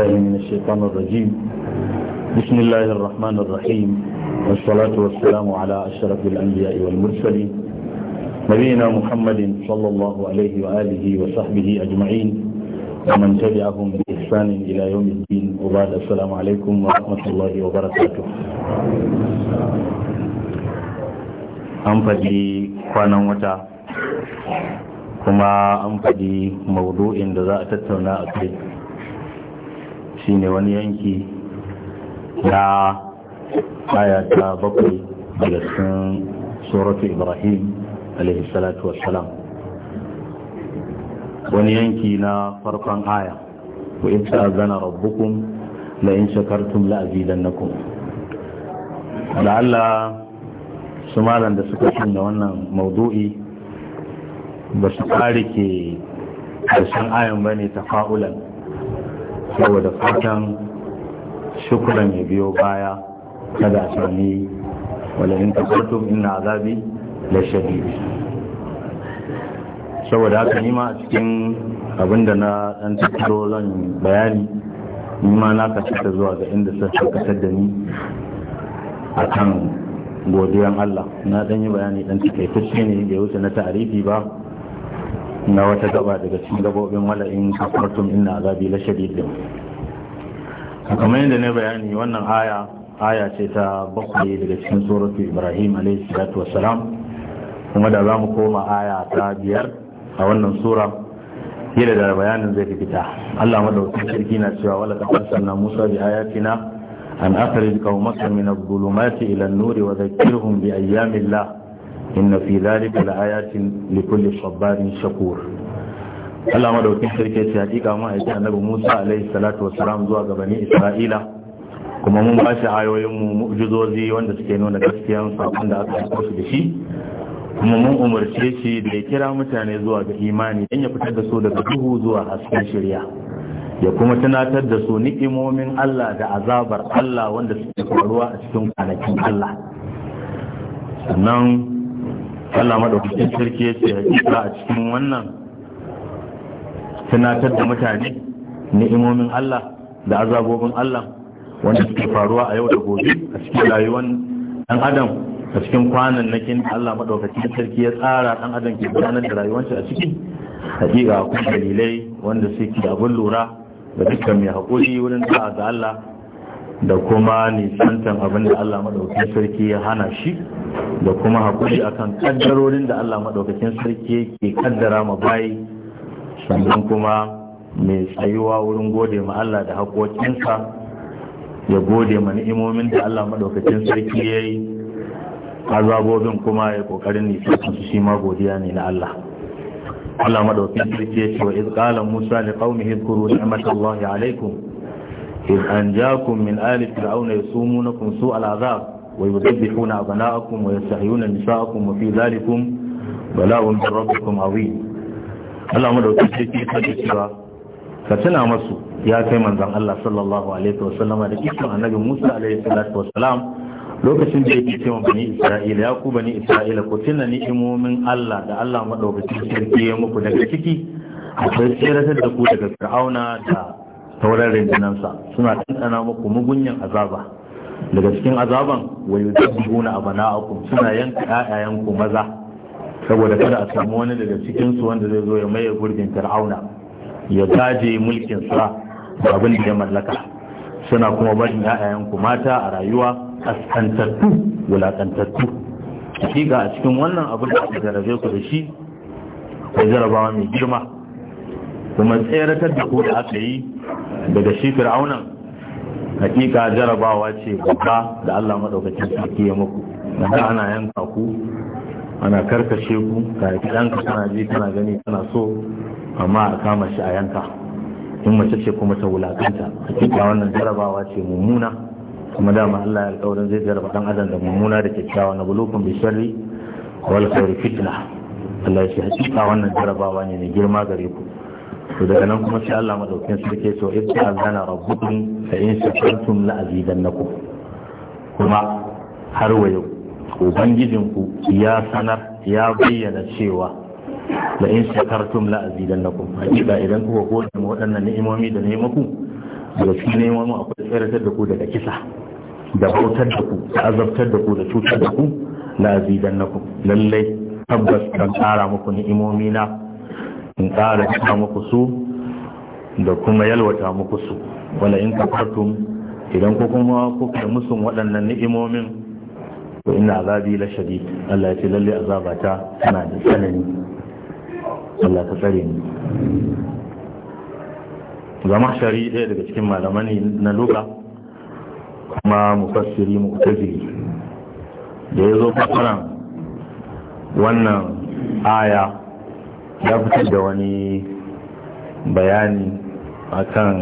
بالله من الشيطان الرجيم بسم الله الرحمن الرحيم والصلاة والسلام على أشرف الأنبياء والمرسلين نبينا محمد صلى الله عليه وآله وصحبه أجمعين ومن تبعهم بإحسان إلى يوم الدين وبعد السلام عليكم ورحمة الله وبركاته an faɗi kwanan wata kuma an faɗi maudu'in da za a tattauna a kai shine wani yanki na aya ta bakwai daga cikin suratu ibrahim alaihi salatu wassalam wani yanki na farkon aya ku in ta'azana rabbukum la in shakartum na azidannakum da Allah su malam da suka da wannan maudu'i ba su kare ke karshen ayan bane fa'ulan saboda fatan shukuran ya biyo baya kada a sami wadda in kafartum inna azabi la shadid saboda haka nima a cikin abinda na dan tattaro zan bayani ni ma na kasance zuwa ga inda sun kasar da ni akan godiyan Allah na dan yi bayani dan cikaitacce ne da wuce na ta'arifi ba na wata gaba daga cikin gabobin wala'in kafartum inna azabi la shadidin kamar yadda ne bayani wannan aya aya ce ta bakwai daga cikin suratu ibrahim alayhi salatu wassalam kuma da za mu koma aya ta biyar a wannan sura yadda da bayanin zai fita Allah madaukakin sarki na cewa wala ka sanna Musa bi ayatina an akhrij qaumaka min adh-dhulumati ila an-nuri wa dhakkirhum bi ayyamillah inna fi zalika laayatin li kulli sabarin shakur Allah madaukin sarki ya hakika mu aiki annabi Musa alaihi salatu wassalam zuwa ga bani Isra'ila kuma mun ba shi ayoyin mu mu'jizozi wanda suke nuna gaskiyan sakon da aka aika su da shi kuma mun umarce shi da ya kira mutane zuwa ga imani dan ya fitar da su daga duhu zuwa hasken shirya ya kuma tunatar da su ni'imomin Allah da azabar Allah wanda suke faruwa a cikin kwanakin Allah sannan Allah madaukakin sarki ya ce hakika a cikin wannan tunatar da mutane ni'imomin Allah da azabobin Allah wanda suke faruwa a yau da gobe a cikin rayuwar dan adam a cikin kwanan nakin Allah madaukakin sarki ya tsara dan adam ke gudanar da rayuwarsa a ciki hakika akwai dalilai wanda suke abin lura da dukkan mai haƙuri wurin sa'a ga Allah da kuma nisantan abin da Allah maɗaukakin sarki ya hana shi da kuma haƙuri akan ƙaddarorin da Allah maɗaukakin sarki ke kaddara ma bayi sannan kuma mai tsayuwa wurin gode ma Allah da haƙoƙinsa ya gode ma ni'imomin da Allah maɗaukakin sarki ya yi azabobin kuma ya ƙoƙarin nisantan su shi ma godiya ne na Allah Allah maɗaukakin sarki ya ce wa iz qala Musa li qaumihi zkuru ni'matallahi alaikum إذ أنجاكم من آل فرعون يسومونكم سوء العذاب ويذبحون أبناءكم ويستحيون نساءكم وفي ذلكم بلاء من ربكم عظيم Allah madaukaci ke faɗi cewa ka tuna masu ya kai manzon Allah sallallahu alaihi wasallama da kisan annabi Musa alaihi salatu lokacin da yake cewa bani Isra'ila ya ku bani Isra'ila ku tuna ni'imomin Allah da Allah madaukaci sarki ya muku daga ciki akwai tsiratar da ku daga Fir'auna da ta wurin rindinansa suna ɗanɗana muku mugunyan azaba daga cikin azaban a dabbuna ku suna yanka ya'yayanku maza saboda kada a samu wani daga cikin wanda zai zo ya maye gurbin fir'auna ya taje mulkin sa da abin da ya mallaka suna kuma barin ya'yayanku mata a rayuwa kaskantattu wulakantattu hakika a cikin wannan abin da aka jarabe ku da shi akwai jarabawa mai girma kuma tseratar da ku da aka yi daga shi fir'aunan hakika jarabawa ce babba da Allah madaukakin sarki ya muku da ana yanka ku ana karkashe ku ga gidanka kana ji kana gani kana so amma a kama shi a yanka in mace ce kuma ta wulakanta hakika wannan jarabawa ce mummuna kuma dama Allah ya alƙawarin zai jaraba dan adam da mummuna da kyakkyawa na bulukun bi sharri wal khairi fitna Allah ya ce hakika wannan jarabawa ne na girma gare ku to daga nan kuma sai Allah su sarki to ta zana rabbukum fa in shakartum la azidannakum kuma har wa yau ku ya sanar ya bayyana cewa la in shakartum la azidannakum hakika idan kuka gode mu waɗannan ni'imomi da ne muku daga cikin mu akwai tsiratar da ku daga kisa da bautar da ku da azabtar da ku da cutar da ku la azidannakum lallai tabbas kan tsara muku ni'imomi na in ƙara cika muku su da kuma yalwata muku su wala in kafartum idan ku kuma kuka musu waɗannan ni'imomin to ina azabi la shadid Allah ya ce lalle azabata tana da tsanani Allah ka tsare ni zama shari ɗaya daga cikin malaman na luka kuma mufassiri mu'tazili da ya zo fasaran wannan aya ya fitar da wani bayani akan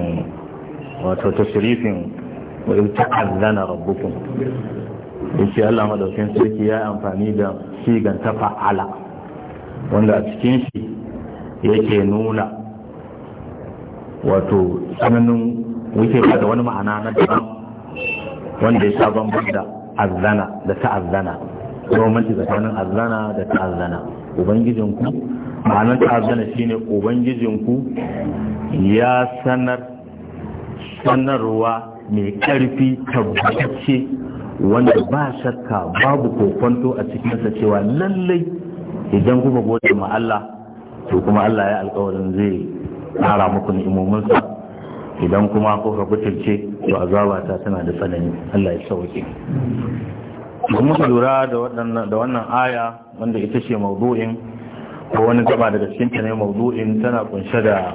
wato tashrifin wa ta'allana rabbukum yace Allah maɗaukin sarki ya amfani da sigan ta fa'ala wanda a cikin shi yake nuna wato tsananin wuce da wani ma'ana na daban wanda ya sabon bambam da azzana da ta'azzana domin tsakanin azana da ta'azzana ubangijinku ma'anar shi shine ubangijinku ya sanar sanarwa mai ƙarfi tabbatacce wanda ba shakka babu kokonto a cikinsa cewa lallai idan kuma gode ma Allah to kuma Allah ya alkawarin zai ƙara muku ni'imominsa idan kuma kuka butulce to azabata tana da tsanani Allah ya sauke mu lura da wannan aya wanda ita ce mawdu'in ko wani gaba daga cikin ta ne mawdu'in tana kunshe da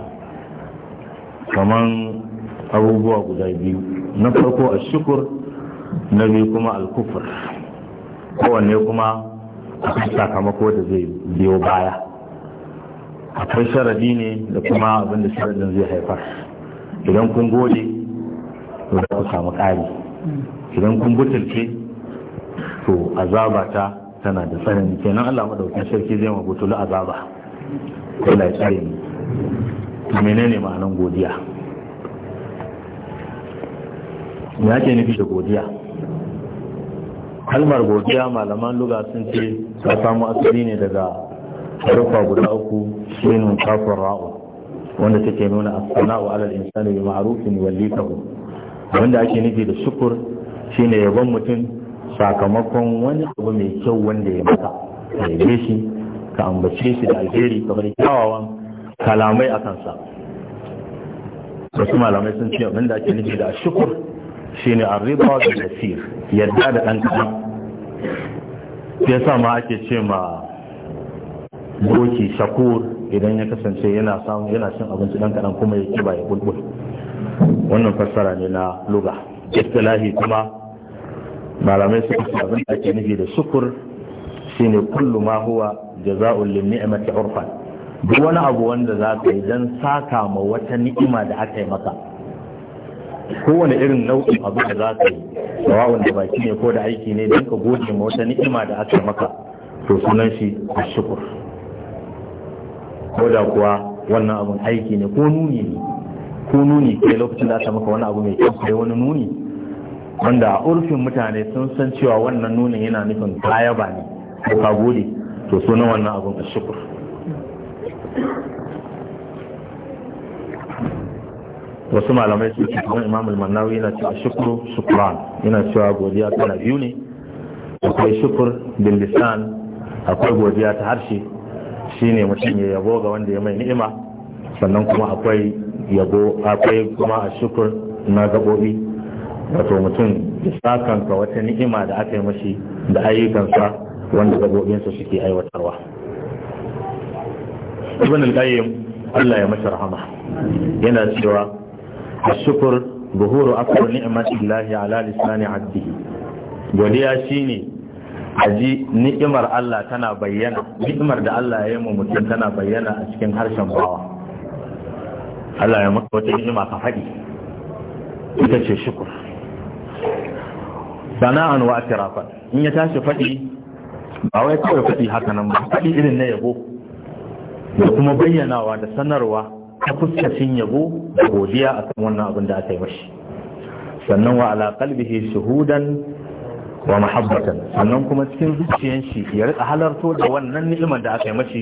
kaman abubuwa guda biyu na farko a shukur na biyu kuma alkufur kowanne kuma akwai sakamako da zai biyo baya akwai sharadi ne da kuma abin da sharadin zai haifar idan kun gode to za ku samu ƙari idan kun butulce to azaba ta tana da tsanani kenan Allah madaukakin sarki zai mabutu azaba Allah ya tsare mu menene ma'anan godiya ya ke nufi da godiya kalmar godiya malaman luga sun ce ta samu asali ne daga harufa guda uku shine kafin ra'u wanda take nuna asana wa alal insani bi ma'rufin wallifahu wanda ake nufi da shukur shine yabon mutum sakamakon wani abu mai kyau wanda ya maka ka yi shi ka ambace shi da alheri kamar kyawawan kalamai a kansa wasu malamai sun ce abin da ake nufi da shukur shine riba da nasir yadda da ɗan kaɗan ya sa ma ake ce ma goki shakur idan ya kasance yana samu yana cin abinci ɗan kaɗan kuma ya kiba ya bulbul wannan fassara ne na luga istilahi kuma malamai suka ce abin da ake nufi da sukur shine kullu ma huwa jaza'un lin ni'mati urfan duk wani abu wanda za ka yi dan saka ma wata ni'ima da aka yi maka kowane irin nau'in abu da za ka yi sawa'un da baki ne ko da aiki ne dan ka gode ma wata ni'ima da aka yi maka to sunan shi shukur ko da kuwa wannan abun aiki ne ko nuni ne ko nuni kai lokacin da aka maka wani abu mai kyau sai wani nuni wanda a urfin mutane sun san cewa wannan nunin yana nufin kaya ba ne ko ka gode to sunan wannan abin a shukur wasu malamai su ce kamar imam al-mannawi yana cewa shukur shukuran yana cewa godiya tana biyu ne akwai shukur bin lisan akwai godiya ta harshe shine mutum ya yabo ga wanda ya mai ni'ima sannan kuma akwai yabo akwai kuma a shukur na gabobi wato mutum ya sakanka wata ni'ima da aka yi mashi da ayyukansa wanda gabobinsa suke aiwatarwa ibn al-qayyim Allah ya masa rahama yana cewa ashkur buhuru akbar ni'matillahi ala lisani abdihi godiya shine aji ni'imar Allah tana bayyana ni'imar da Allah ya yi mu mutum tana bayyana a cikin harshen bawa Allah ya maka wata ni'ima ka faɗi ita ce shukur sana'an wa atirafan in ya tashi faɗi ba wai kawai faɗi haka nan ba faɗi irin na yabo da kuma bayyanawa da sanarwa ta fuskacin yabo da godiya akan wannan abin da aka yi mashi sannan wa ala qalbihi shuhudan wa mahabbatan sannan kuma cikin zuciyar shi ya rika halarto da wannan ni'imar da aka yi mashi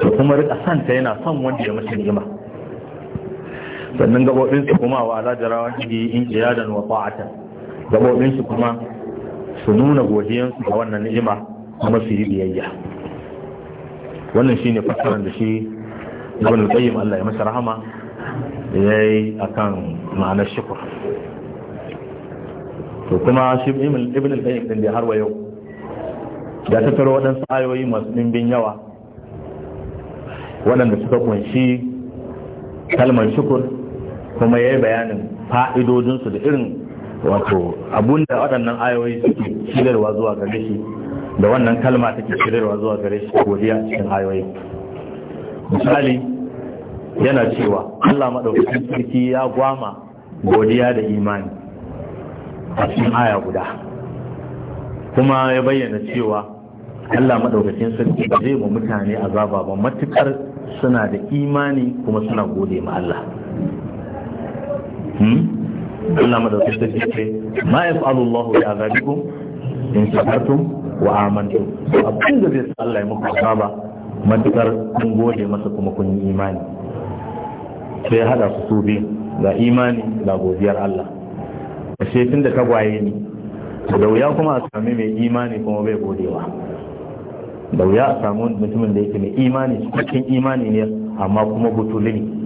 da kuma rika santa yana son wanda ya mashi ni'ima sannan gabobin kuma wa ala shi in jiyadan wa fa'atan gabobin su kuma su nuna godiyansu ga wannan ni'ima kuma su yi biyayya wannan shi ne fassarar da shi ibn al-qayyim Allah ya masa rahama ya akan ma'anar shukur to kuma shi ibn al-qayyim din da har wa yau ya tattaro waɗansu ayoyi masu ɗimbin yawa waɗanda suka kunshi kalmar shukur kuma ya yi bayanin fa'idodinsu da irin wato abun da waɗannan ayoyi suke shirarwa zuwa gare shi da wannan kalma take shirarwa zuwa gare shi godiya cikin ayoyi misali yana cewa Allah maɗaukakin sarki ya gwama godiya da imani a cikin aya guda kuma ya bayyana cewa Allah maɗaukakin sarki ba zai ma mutane azaba ba matukar suna da imani kuma suna gode ma Allah hmm? Allah madaukakin sarki ce ma fa’alu Allah ya azabiku in shakartum wa amantu. abin da zai sa Allah ya muku azaba matukar kun gode masa kuma kun yi imani sai hada su su biyu ga imani ga godiyar Allah ashe tun da tagwaye ni da wuya kuma a sami mai imani kuma bai godewa da wuya a samu mutumin da yake mai imani cikakken imani ne amma kuma butulini ne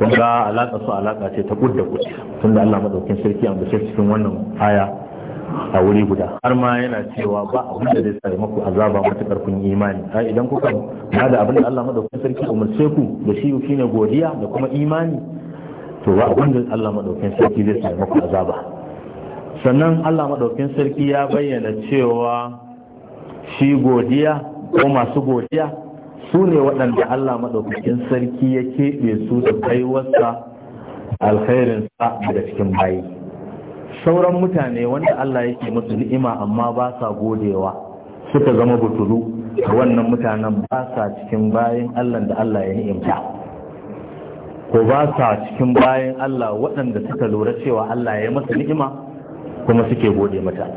kun ga alaka su alaka ce ta kudda kudi tunda Allah madaukin sarki an bace cikin wannan aya a wuri guda har ma yana cewa ba abin da zai tsare maku azaba matuƙar kun imani a idan kuka ba da abin da Allah madaukin sarki umarce ku da shi ne godiya da kuma imani to ba abin da Allah madaukin sarki zai tsare maku azaba sannan Allah madaukin sarki ya bayyana cewa shi godiya ko masu godiya su ne waɗanda Allah maɗaukakin sarki ya keɓe su da kaiwarsa sa daga cikin bayi sauran mutane wanda Allah yake musu ni'ima amma ba sa godewa suka zama butulu wannan mutanen ba sa cikin bayan Allah da Allah ya ni'imta ko ba sa cikin bayan Allah waɗanda suka lura cewa Allah ya yi masa ni'ima kuma suke gode mata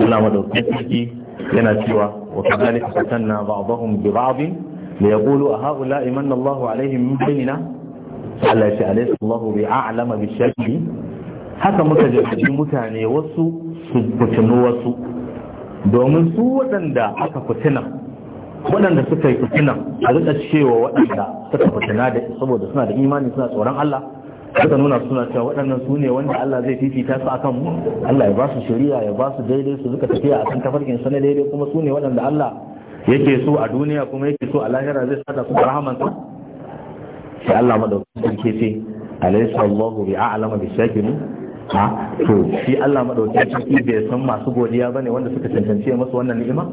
Allah maɗaukakin sarki yana cewa wa kadhalika fatanna ba'dahum bi ba'd li yaqulu a haula imanna Allahu alaihim min bayna Allah ya alaysa Allahu bi a'lama bi shakki haka muka jaji mutane wasu su fitinu wasu domin su waɗanda aka fitina waɗanda suka yi fitina a rika cewa waɗanda suka fitina da saboda suna da imani suna tsoron Allah suka nuna suna cewa waɗannan su ne wanda Allah zai fifita su akan mu Allah ya ba su shari'a ya ba su daidai su suka tafiya akan tafarkin sa na daidai kuma su ne waɗanda Allah yake so a duniya kuma yake so a lahira zai sada su da rahamansa sai Allah madaukakin sarki ce alaysa Allahu bi a'lama bi shakirin ha to shi Allah madaukakin sarki bai san masu godiya bane wanda suka tantance masu wannan ni'ima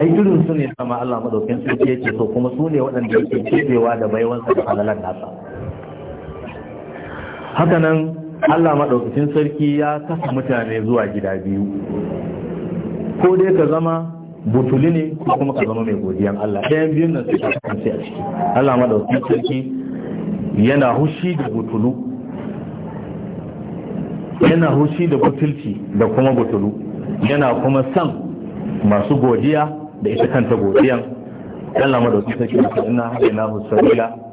ai irin su ne sama Allah madaukakin sarki yake so kuma su ne waɗanda yake kebewa da baiwansa da halalan nasa hakanan Allah maɗaukacin sarki ya kasa mutane zuwa gida biyu ko dai ka zama butuli ne ko kuma ka zama mai godiyan Allah ɗayan biyun nan suka kasance a ciki Allah maɗaukacin sarki yana hushi da butulu yana hushi da butulci da kuma butulu yana kuma san masu godiya da ita kanta godiyan Allah maɗaukacin sarki ina hajji na husarila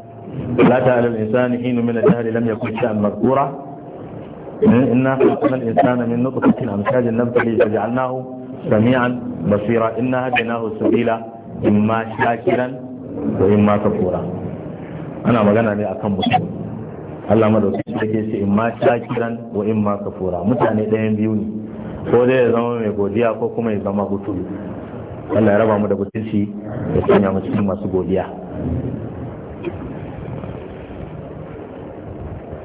لا على الإنسان حين من الجهل لم يكن شيئا مذكورا إنا خلقنا الإنسان من نطفة أمشاج نبتلي فجعلناه سميعا بصيرا إنا هديناه السبيل إما شاكرا وإما كفورا أنا مغنى لي أكم مسلم Allah madaukakin yake shi imma shakiran wa in kafura mutane ɗayan biyu ne ko dai ya zama mai godiya ko kuma ya zama hutu Allah ya raba mu da mutunci ya sanya mu cikin masu godiya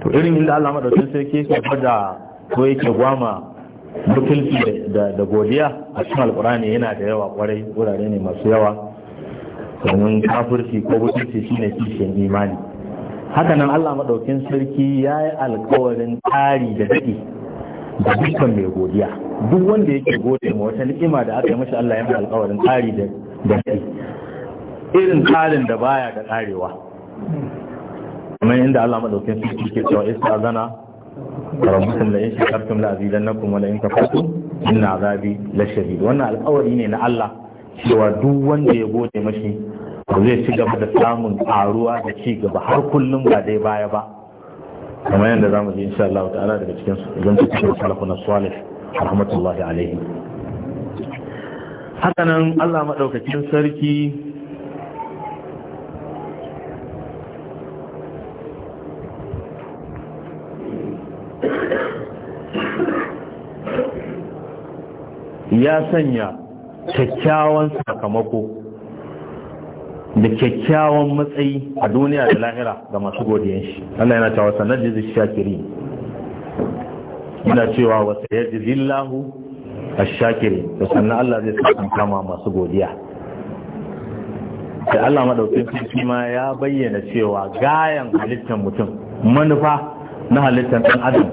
to irin inda Allah madaukin sarki ka gwada ko yake gwama mutunci da godiya a cikin alkurani yana da yawa kwarai wurare ne masu yawa domin kafirci ko mutunci shine kishin imani hakanan Allah madaukin sarki ya yi alkawarin tari da daɗi da dukkan mai godiya duk wanda yake gode ma wata ni'ima da aka yi mashi Allah ya yi alkawarin tari da daɗi irin tsarin da baya da karewa kamar inda Allah madaukin sarki ke cewa isa zana rabbukum la in shakartum la azidannakum wa la in kafartum inna azabi la shadid wannan alƙawari ne na Allah cewa duk wanda ya gode mashi zai ci gaba da samun ƙaruwa da ci gaba har kullum ba dai baya ba kamar yadda zamu ji insha Allah ta'ala daga cikin idan cikin salafu na salih rahmatullahi alaihi hakanan Allah madaukakin sarki ya sanya kyakkyawan sakamako da kyakkyawan matsayi a duniya da lahira ga masu godiyan shi Allah yana cewa sanar jizi shakiri yana cewa wasa ya lillahu lahu a shakiri da sannan Allah zai sakan kama masu godiya da Allah maɗaukin sarki ma ya bayyana cewa gayan halittar mutum manufa na halittar ɗan adam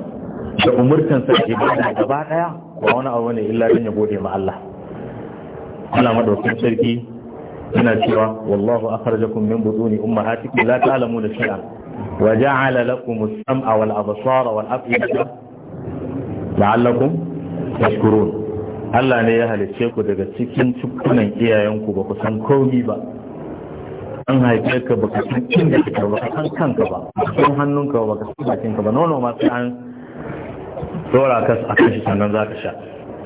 da umurtansa ibada gaba ɗaya ba wani abu ne illa dan ya gode ma Allah Allah madaukakin sarki yana cewa wallahu akhrajakum min buduni ummahatikum la ta'lamuna shay'an wa ja'ala lakum as-sam'a wal absara wal af'ida la'allakum tashkurun Allah ne ya halicce ku daga cikin cikunan iyayenku ba ku san komai ba an haife ka baka san inda kake ba san kanka ba san hannunka ba baka san bakinka ba nono ma sai an dora kas a kan shi sannan za ka sha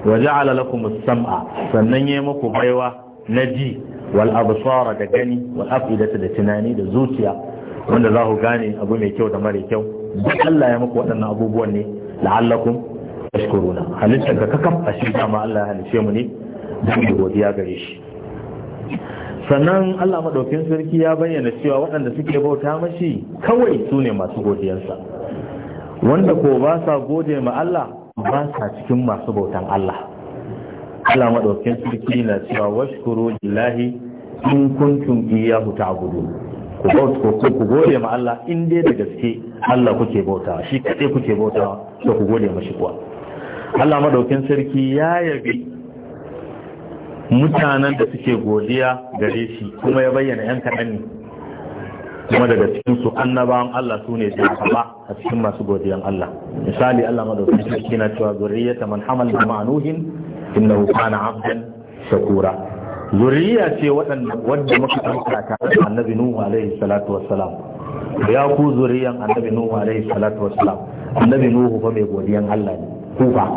wa ja'ala lakum as-sam'a sannan yayi muku baiwa na ji wal absara da gani wal afidata da tunani da zuciya wanda za ku gane abu mai kyau da mara kyau duk Allah ya muku waɗannan abubuwan ne la'allakum tashkuruna halitta ka kakam a shi dama Allah ya halice mu ne dan godiya gare shi sannan Allah madaukin sarki ya bayyana cewa waɗanda suke bauta mashi kawai sune ne masu godiyarsa wanda ko ba sa gode ma Allah ba sa cikin masu bautan Allah Allah madaukakin sarki na cewa washkuru lillahi in kuntum iyyahu ta'budu ku bauta ko ku gode ma Allah in dai da gaske Allah kuke bautawa shi kadai kuke bautawa to ku gode mashi kuwa Allah madaukakin sarki ya yabi mutanen da suke godiya gare shi kuma ya bayyana yan kaɗan ne kuma daga cikinsu su annabawan Allah su ne sai ba a cikin masu godiyan Allah misali Allah madaukakin sarki na cewa zuriyata man hamal da ma'anuhin innahu kana abdan shakura zuriya ce waɗanda wanda muka ɗauka ta annabi nuhu alaihi salatu wassalam ya ku zuriyan annabi nuhu alaihi salatu wassalam annabi nuhu fa mai godiyan Allah ne ku fa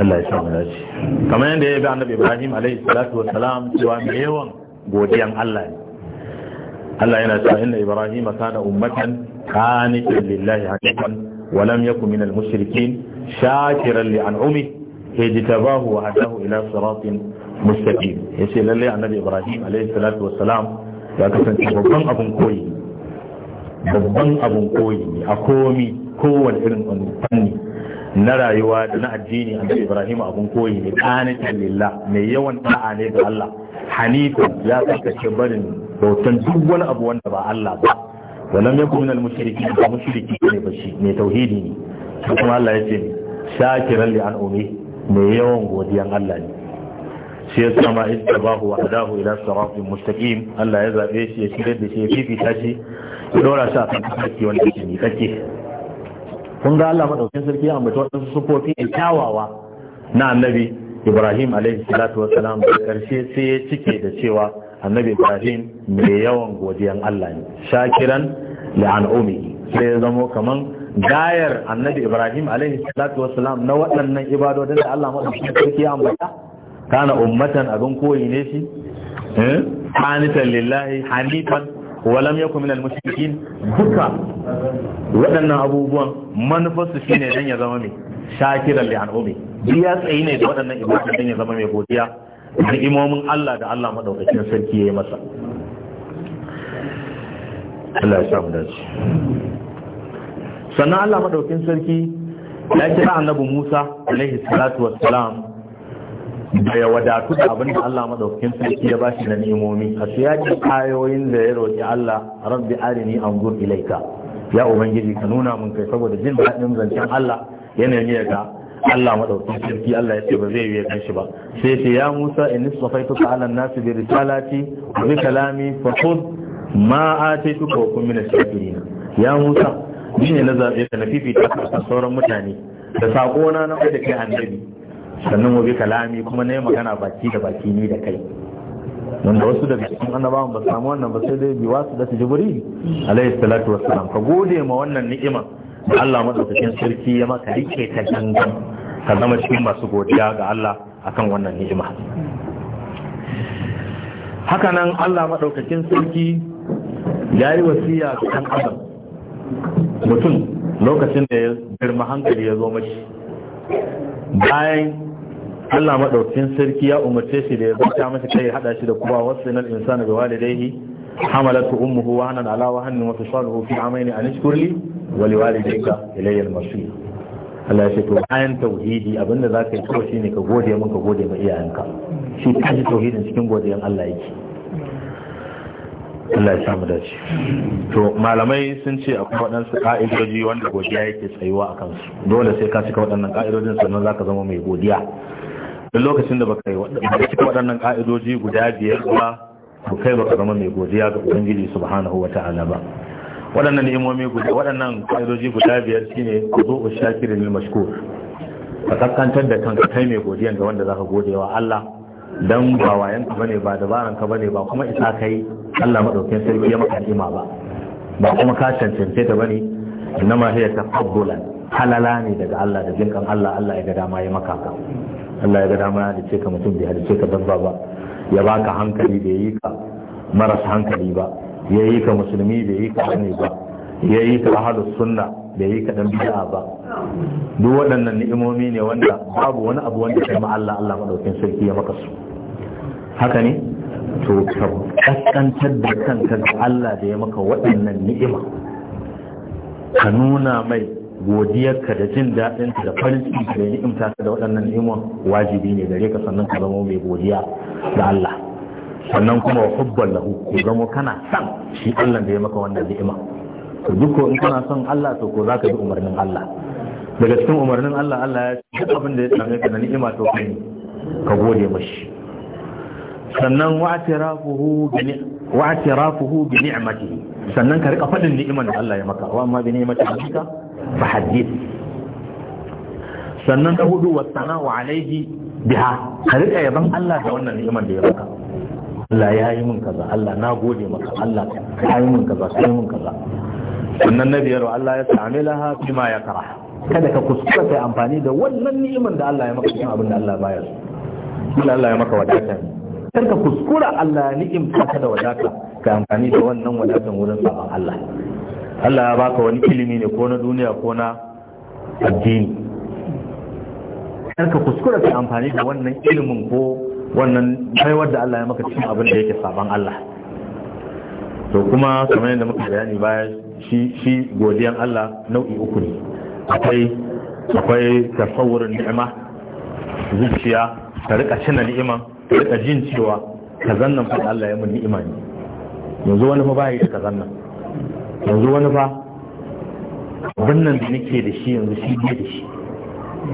Allah ya samu dace kamar yadda ya bi annabi Ibrahim alaihi salatu wa salam cewa mai yawan godiyan Allah ne Allah yana cewa inna Ibrahim kana ummatan qanitan lillahi hanifan wa lam yakun min al-mushrikeen shakiran li an'umi hijtabahu wa hadahu ila siratin mustaqim yace lalle annabi Ibrahim alaihi salatu wa salam ya kasance babban abun koyi babban abun koyi ne a komi kowane irin fanni na rayuwa da na addini a Ibrahim abun koyi ne qanitan lillah mai yawan ta'a ne ga Allah Hanifa ya tsakace barin bautan duk wani abu wanda ba Allah ba walam yakun minal mushrikin ba mushriki ne ba shi ne tauhidi ne kuma Allah ya ce shakiran li an'umi mai yawan godiyan Allah ne shi ya sama istabahu wa adahu ila siratin mustaqim Allah ya zabe shi ya shirye da shi ya fifita shi ya dora shi a kan tafarki wanda yake miƙaƙe kun ga Allah madaukakin sarki ya ambata wadansu sufofi a kyawawa na annabi Ibrahim alaihi salatu wa salam da karshe sai ya cike da cewa annabi Ibrahim mai yawan godiyan Allah ne shakiran li an'umi sai ya zama kaman gayar annabi Ibrahim alaihi salatu wa salam na waɗannan ibadodin da Allah madaukakin sarki ya ambata kana ummatan abin koyi ne shi eh hanitan lillahi hanifan walam yaku min al-mushrikin duka waɗannan abubuwan manufarsu shine dan ya zama mai shakiran li an'umi biya tsayi ne da waɗannan ibada dan ya zama mai godiya da imomin Allah da Allah madaukakin sarki yayi masa Allah ya samu dace sannan Allah madaukakin sarki ya kira annabi Musa alaihi salatu wassalam da ya wadatu da abin da Allah madaukakin sarki ya bashi na nemomi a su ya ce ayoyin da ya roƙi Allah rabbi arini anzur ilaika ya ubangiji ka nuna mun kai saboda jin daɗin zancen Allah yanayin ne ga Allah madaukakin sarki Allah ya ce ba zai yi kan shi ba sai ce ya Musa in nisfaita ka ala nas bi risalati wa bi kalami fa khud ma atituka wa kun min ash-shakirin ya Musa ni ne na zabe ka na fifita ka sauran mutane da sakona na kai da kai annabi sannan wabi kalami kuma na yi magana baki da baki ni da kai wanda wasu daga cikin annabawan ba samu wannan ba sai dai biwa su da jibril alayhi salatu wassalam ka gode ma wannan ni'ima da Allah madaukakin sarki ya maka rike ta gangan ka zama cikin masu godiya ga Allah akan wannan ni'ima haka nan Allah madaukakin sarki ya yi wasiya ga dan adam mutum lokacin da ya girma hankali ya zo mashi bayan Allah maɗaukin sarki ya umarce shi da ya bauta masa kai hada shi da kuma wasanal insana bi walidaihi hamalatu ummuhu wa hanan ala wa hanin wa fisaluhu fi amaini an ishkurli wa li walidayka ilayya al-masir Allah ya ce to ayan tauhidi abinda zaka yi kawai shine ka gode mun ka gode ma iyayenka shi ka ji tauhidin cikin godiyan Allah yake Allah ya samu dace to malamai sun ce akwai waɗansu ka'idoji wanda godiya yake tsayuwa a kansu dole sai ka cika waɗannan ka'idojin sannan zaka zama mai godiya duk lokacin da baka yi waɗannan ka'idoji guda biyar ba to kai baka zama mai godiya ga ubangiji subhanahu wata'ala ba waɗannan ni'imomi guda waɗannan ka'idoji guda biyar shine khudu'u shakirin lil mashkur ka kaskantar da kanka kai mai godiyan ga wanda zaka gode wa Allah dan ba wayan ka bane ba dabaran ka bane ba kuma isa kai Allah madaukakin sarki ya maka ni'ima ba ba kuma ka cancance ta bane innama hiya taqabbulan halala ne daga Allah da jinkan Allah Allah ya ga dama ya maka ka Allah ya ga dama ya ce ka mutum bai halice ka dabba ba ya baka hankali bai yi ka maras hankali ba ya yi ka musulmi bai yi ka ne ba ya yi ka ahlus sunna bai yi ka dan bid'a ba duk waɗannan ni'imomi ne wanda babu wani abu wanda kai Allah Allah madaukin sarki ya maka su haka ne to ka kaskantar da kanka ga Allah da ya maka waɗannan ni'ima ka nuna mai godiyarka da jin daɗinka da farin ciki da ni'imta ka da waɗannan ni'imon wajibi ne gare ka sannan ka zama mai godiya ga Allah sannan kuma wa hubban lahu ko zama kana san shi Allah da ya maka wannan ni'ima to duk ko in kana son Allah to ko zaka bi umarnin Allah daga cikin umarnin Allah Allah ya ce abin da ya same ka na ni'ima to kai ka gode mashi sannan wa'tirafuhu bi wa atirafuhu bi ni'matihi sannan ka rika fadin da Allah ya maka wa amma bi ni'mati rabbika fa sannan ta hudu wa sana'u alaihi biha ka rika yaban Allah da wannan ni'imar da ya maka Allah ya yi min kaza na gode maka Allah ya yi min kaza ya yi kaza sannan na biyar Allah ya kara kada ka kuskura kai amfani da wannan da Allah ya maka cikin abin da Allah ya bayar Allah ya maka wadata ne karka kuskura Allah ya ni'im ka da wadaka ka amfani da wannan wadakan wurin saban Allah Allah ya baka wani ilimi ne ko na duniya ko na addini karka kuskura ka amfani da wannan ilimin ko wannan baiwar da Allah ya maka cikin abin da yake sabon Allah to kuma kamar yadda muka bayani baya shi shi godiyan Allah nau'i uku ne akwai akwai tasawurin ni'ima zuciya ka rika cina ni'iman ka jin cewa ka zannan fa Allah ya muni imani yanzu wani fa bai da kazan nan yanzu wani fa abin da nake da shi yanzu shi ne da shi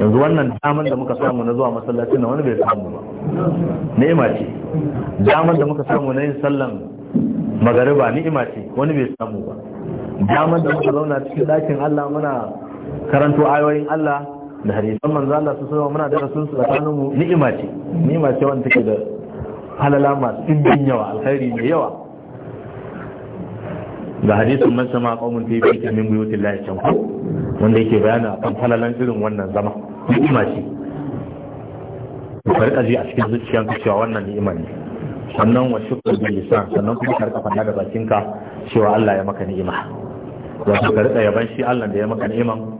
yanzu wannan daman da muka samu na zuwa masallacin na wani bai samu ba ni'ima ce daman da muka samu na yin sallan magariba ni'ima ce wani bai samu ba daman da muka zauna cikin ɗakin Allah muna karanto ayoyin Allah da hadisan manzo Allah su sama muna da rasul su tsakanin mu ni'ima ce ni'ima ce wanda take da halala masu ɗin yawa alkhairi mai yawa Da hadisin mun sama qaumun fi fitin min buyutil lahi can ku wanda yake bayana kan halalan irin wannan zama ni'ima ce ka ji a cikin zuciyanka cewa wannan ni'ima ne sannan wa shukr bil lisan sannan kuma karka fada da bakinka cewa Allah ya maka ni'ima wato ka yaban shi Allah da ya maka ni'iman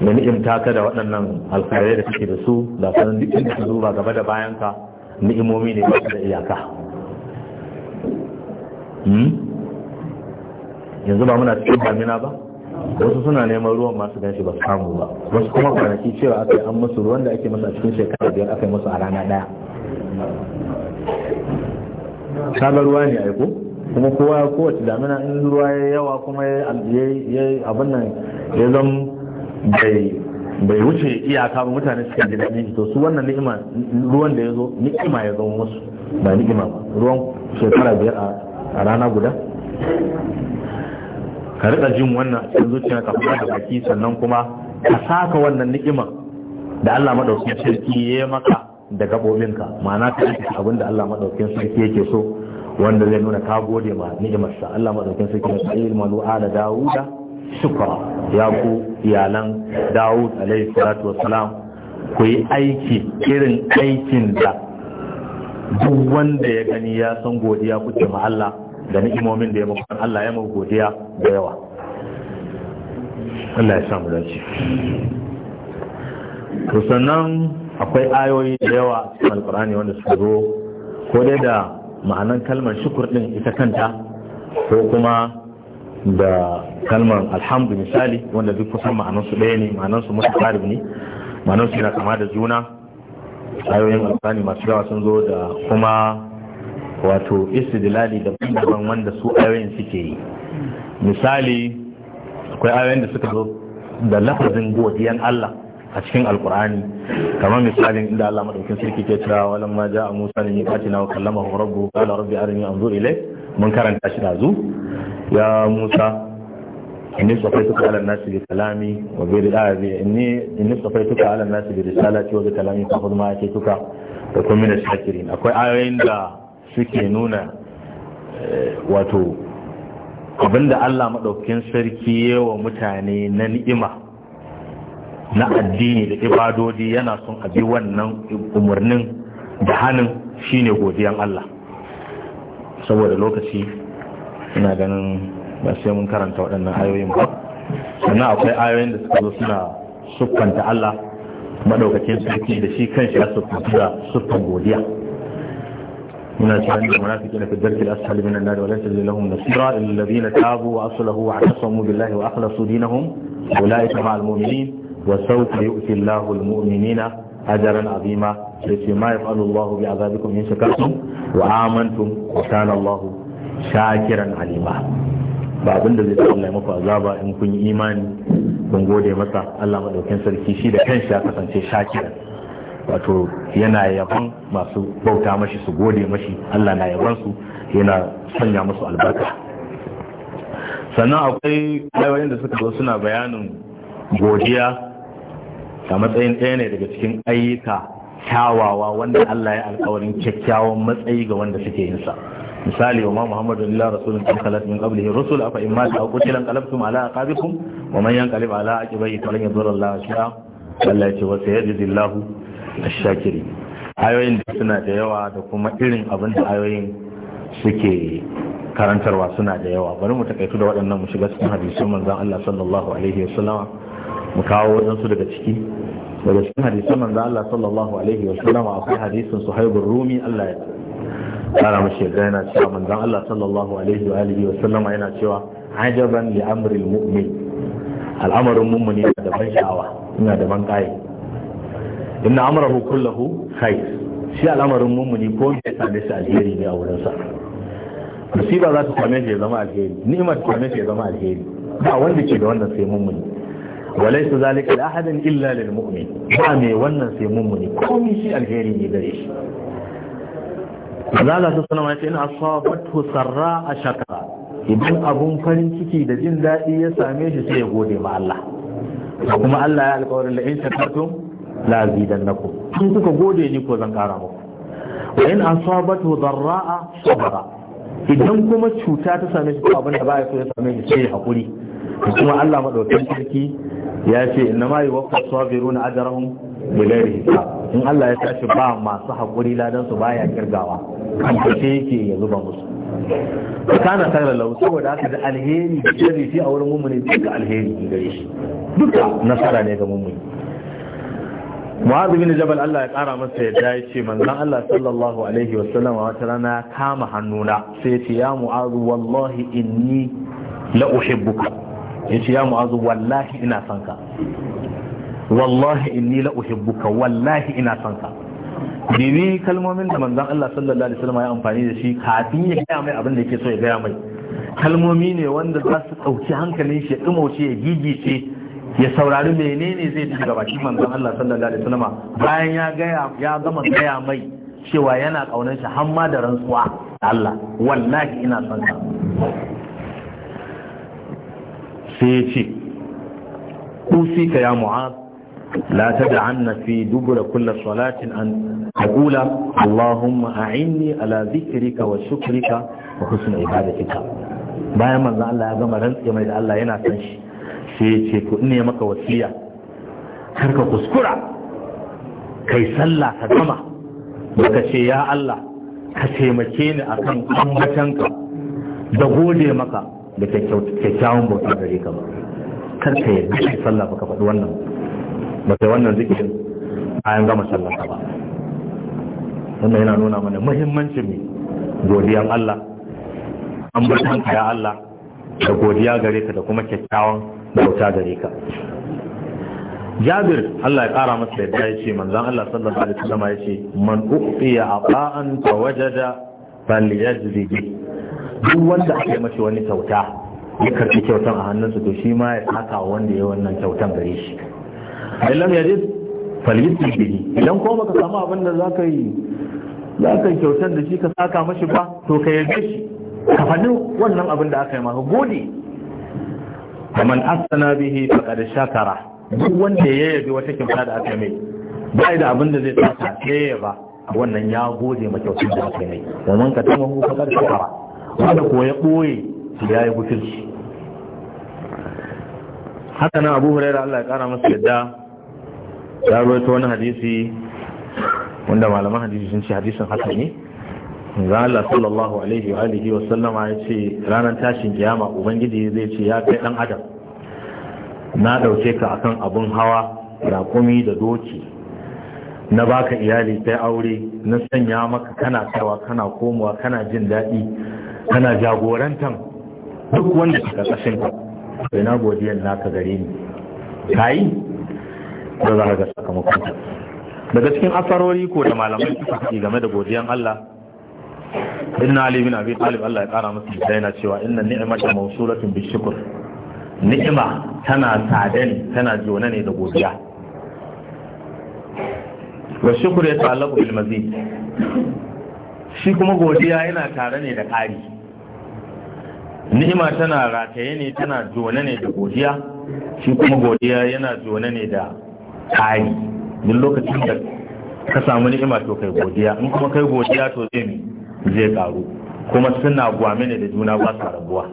da ni'imta ka da waɗannan alkhairai da kake da su da sanin duk inda su ba gaba da bayan ka ni'imomi ne ba da iyaka hmm? yanzu ba muna cikin damina ba wasu suna neman ruwan masu ganshi ba su samu ba wasu kuma kwanaki cewa aka yi an musu ruwan da ake masa cikin shekara biyar aka yi musu a rana ɗaya sabon ruwa ne aiko kuma kowa kowace damina in ruwa ya yawa kuma ya abin nan ya zama bai wuce iyaka ba mutane suka ji daɗin shi to su wannan ni'ima ruwan da ya zo ni'ima ya zama musu ba ni'ima ba ruwan shekara biyar a rana guda ka riƙa jin wannan a cikin zuciya ka fara da baki sannan kuma ka saka wannan ni'ima da Allah madaukin sarki ya maka da ka. ma'ana ka yi abin da Allah madaukin sarki yake so wanda zai nuna ka gode ma ni'imarsa Allah madaukin sarki ya ce ilmalu ala dawuda shukra ya ku iyalan Dawud alaihi salatu wassalam ku yi aiki irin aikin da duk wanda ya gani ya san godiya kuke ma Allah da ni'imomin da ya muku Allah ya muku godiya da yawa Allah ya samu dace to sannan akwai ayoyi da yawa cikin alqur'ani wanda suka zo ko dai da ma'anan kalmar shukur din ita kanta ko kuma da kalmar alhamdu misali wanda duk kusan ma'anansu ɗaya ne ma'anansu mutakarib ne ma'anansu yana kama da juna ayoyin alfani masu yawa sun zo da kuma wato istidlali da daban wanda su ayoyin suke yi misali akwai ayoyin da suka zo da lafazin godiyan Allah a cikin alkur'ani kamar misalin inda Allah madaukin sarki ke cewa walan ma ja'a Musa ne ya kace na kallama rabbu qala rabbi arini anzur ilay mun karanta shi da zu ya musa inni safaituka ala nasi bi kalami wa bi ridabi ah, inni inni safaituka ala nasi bi risalati wa bi kalami fa hudma ake tuka da kuma min shakirin akwai ayoyin da suke nuna eh, wato abinda Allah madaukakin sarki yawa mutane na ni'ima na addini da ibadodi yana son a bi wannan umarnin da hanin shine godiyan Allah saboda lokaci ina ganin ba sai mun karanta waɗannan ayoyin ba sannan akwai ayoyin da suka zo suna sukkanta Allah madaukakin sarki da shi shi ya sukkanta da sukkan godiya muna cewa da munafiki da fidarki da asali min annar wa lan tajid nasira illa alladhina tabu wa aslahu wa atasamu billahi wa akhlasu dinahum ulaika ma'al mu'minin wa sawfa yu'ti Allahu al-mu'minina أجرا عظيما لما يفعل الله بعذابكم إن شكرتم shakiran alima ba abin da zai Allah muku azaba in kun yi imani kun gode masa Allah madaukakin sarki shi da kanshi ya kasance shakiran wato yana yaban masu bauta mashi su gode mashi Allah na yaban su yana sanya musu albarka sannan akwai ayoyin da suka zo suna bayanin godiya a matsayin ɗaya ne daga cikin ayyuka kyawawa wanda Allah ya alkawarin kyakkyawan matsayi ga wanda suke yin sa misali wa ma muhammadu lillahi rasulun kan kalat min qablihi rusul afa in mata aw qutilan qalabtum ala aqabikum wa man yanqalib ala aqibihi falan Allah shay'a Allah wa sayajidillahu ash-shakirin ayoyin da suna da yawa da kuma irin abin da ayoyin suke karantarwa suna da yawa bari mu takaitu da waɗannan mu shiga cikin hadisin manzon Allah sallallahu alaihi wasallama mu kawo wadansu daga ciki daga cikin hadisin manzon Allah sallallahu alaihi wasallama akwai hadisin Suhaibur Rumi Allah ya fara mashi yadda yana cewa manzan Allah sallallahu alaihi wa alihi wa sallama yana cewa ajaban li amril mu'min al'amarin mummuni yana da ban sha'awa yana da ban kai inna amrahu kullahu khair shi al'amarin mummuni ko ya same shi alheri ne a wurin sa musiba za ta same shi ya zama alheri ni'imar ta same shi ya zama alheri ba wanda ke da wannan sai mummuni وليس ذلك لأحد إلا للمؤمن ما مي wannan sai mummuni komai shi alheri ne gare shi zala ta sanarwa ya ce ina asabatu sarra a shakara idan abun farin ciki da jin daɗi ya same shi sai ya gode ma Allah kuma Allah ya alƙawarin la in shakartum la zidannakum in kuka gode ni ko zan ƙara muku wa in asabatu darra'a sabara idan kuma cuta ta same shi ko abin da ba ya so ya same shi sai ya haƙuri kuma Allah madaukakin sarki ya ce inna ma yuwaffa sabiruna ajrahum bilari in Allah ya tashi ba masu haƙuri ladan su baya kirgawa kan tafi yake ya zuba musu kana sanar lau saboda haka da alheri da shirri a wurin mummuni duka alheri ne gare shi duka nasara ne ga mummuni Mu'adh bin Jabal Allah ya kara masa yadda ya ce manzon Allah sallallahu alaihi wasallam wata rana kama hannuna sai ya ce ya mu'azu wallahi inni la uhibbuka ya ce ya wallahi ina son ka wallahi inni la uhibbuka wallahi ina son ka kalmomin da manzon Allah sallallahu alaihi wasallam ya amfani da shi kafin ya gaya mai abin da yake so ya gaya mai kalmomi ne wanda za su ɗauki hankalin shi ya ɗumauce ya gigice ya saurari menene zai ci gaba shi manzon Allah sallallahu alaihi wasallam bayan ya gaya ya gama gaya mai cewa yana kaunar shi har ma da rantsuwa Allah wallahi ina son ka sai ya ce usika ya mu'az لا تدعن في دبر كل صلاة أن تقول اللهم أعني على ذكرك وشكرك وحسن عبادتك bayan manzo Allah ya gama rantsi mai da Allah yana san shi sai ya ce to ne maka wasiya kar ka kuskura kai sallah ka gama baka ce ya Allah ka taimake ni akan ambatanka da gode maka da kyakkyawan bauta gare ka ba kar ka yarda kai sallah baka faɗi wannan bata wannan zikirin bayan gama sallata ba wannan yana nuna mana muhimmancin mai godiyan Allah an ambatan ka ya Allah da godiya gare ka da kuma kyakkyawan bauta gare ka Jabir Allah ya kara masa yadda ya ce manzan Allah sallallahu alaihi wasallam ya ce man uqiya aqan fa wajada falyajzi duk wanda ake mashi wani kyauta ya karbi kyautan a hannunsa to shi ma ya saka wanda ya wannan kyautan gare shi in ya yajid falyusil bihi idan ko baka samu abin da zaka yi zaka kyautar da shi ka saka mashi ba to ka yarda shi ka wannan abin da aka yi maka gode man asana bihi faqad shakara duk wanda ya yabi wata kyauta da aka mai ba da abin da zai saka sai ba wannan ya gode ma kyautar da aka mai domin ka tama hu faqad shakara wanda ko ya boye shi yayi butulci haka nan Abu Hurairah Allah ya kara masa yadda ya rawaito wani hadisi wanda malaman hadisi sun ce hadisin haka ne za Allah sallallahu alaihi wa alihi wa sallama ya ce ranar tashin kiyama ubangiji zai ce ya kai dan adam na dauke ka akan abun hawa raƙumi da doki na baka iyali sai aure na sanya maka kana kaiwa kana komowa kana jin daɗi kana jagorantan duk wanda ka kashin ka sai na godiyar naka gare ni kayi da za a ga sakamakon daga cikin asarori ko da malamai suka haɗi game da godiyan Allah inna ali bin abi talib Allah ya kara masa da yana cewa inna ni'mata mawsulatun bi shukr ni'ima tana sada ne tana jona ne da godiya wa shukr ya ta'allaqu bil mazid shi kuma godiya yana tare ne da ƙari ni'ima tana rataye ne tana jona ne da godiya shi kuma godiya yana jona ne da tari duk lokacin da ka samu ni'ima to kai godiya in kuma kai godiya to zai zai karu kuma suna gwame ne da juna ba su rabuwa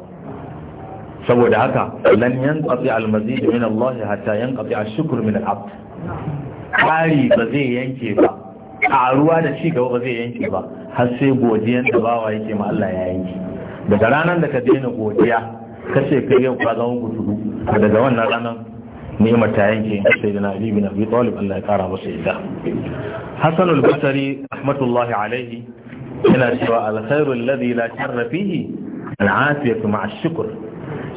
saboda haka lan yanqati almazid min Allah hatta yanqati ash-shukr min al-abd tari ba zai yanke ba karuwa da ci gaba ba zai yanke ba har sai godiyan da bawa yake ma Allah ya yanke daga ranar da ka daina godiya kace kai yau ka zama gudu daga wannan ranar ni'imar ta yanke sai da nabi bin abi talib Allah ya kara masa yadda hasan al-basri rahmatullahi alaihi yana cewa al-khairu alladhi la sharra fihi al-afiyatu ma'a shukr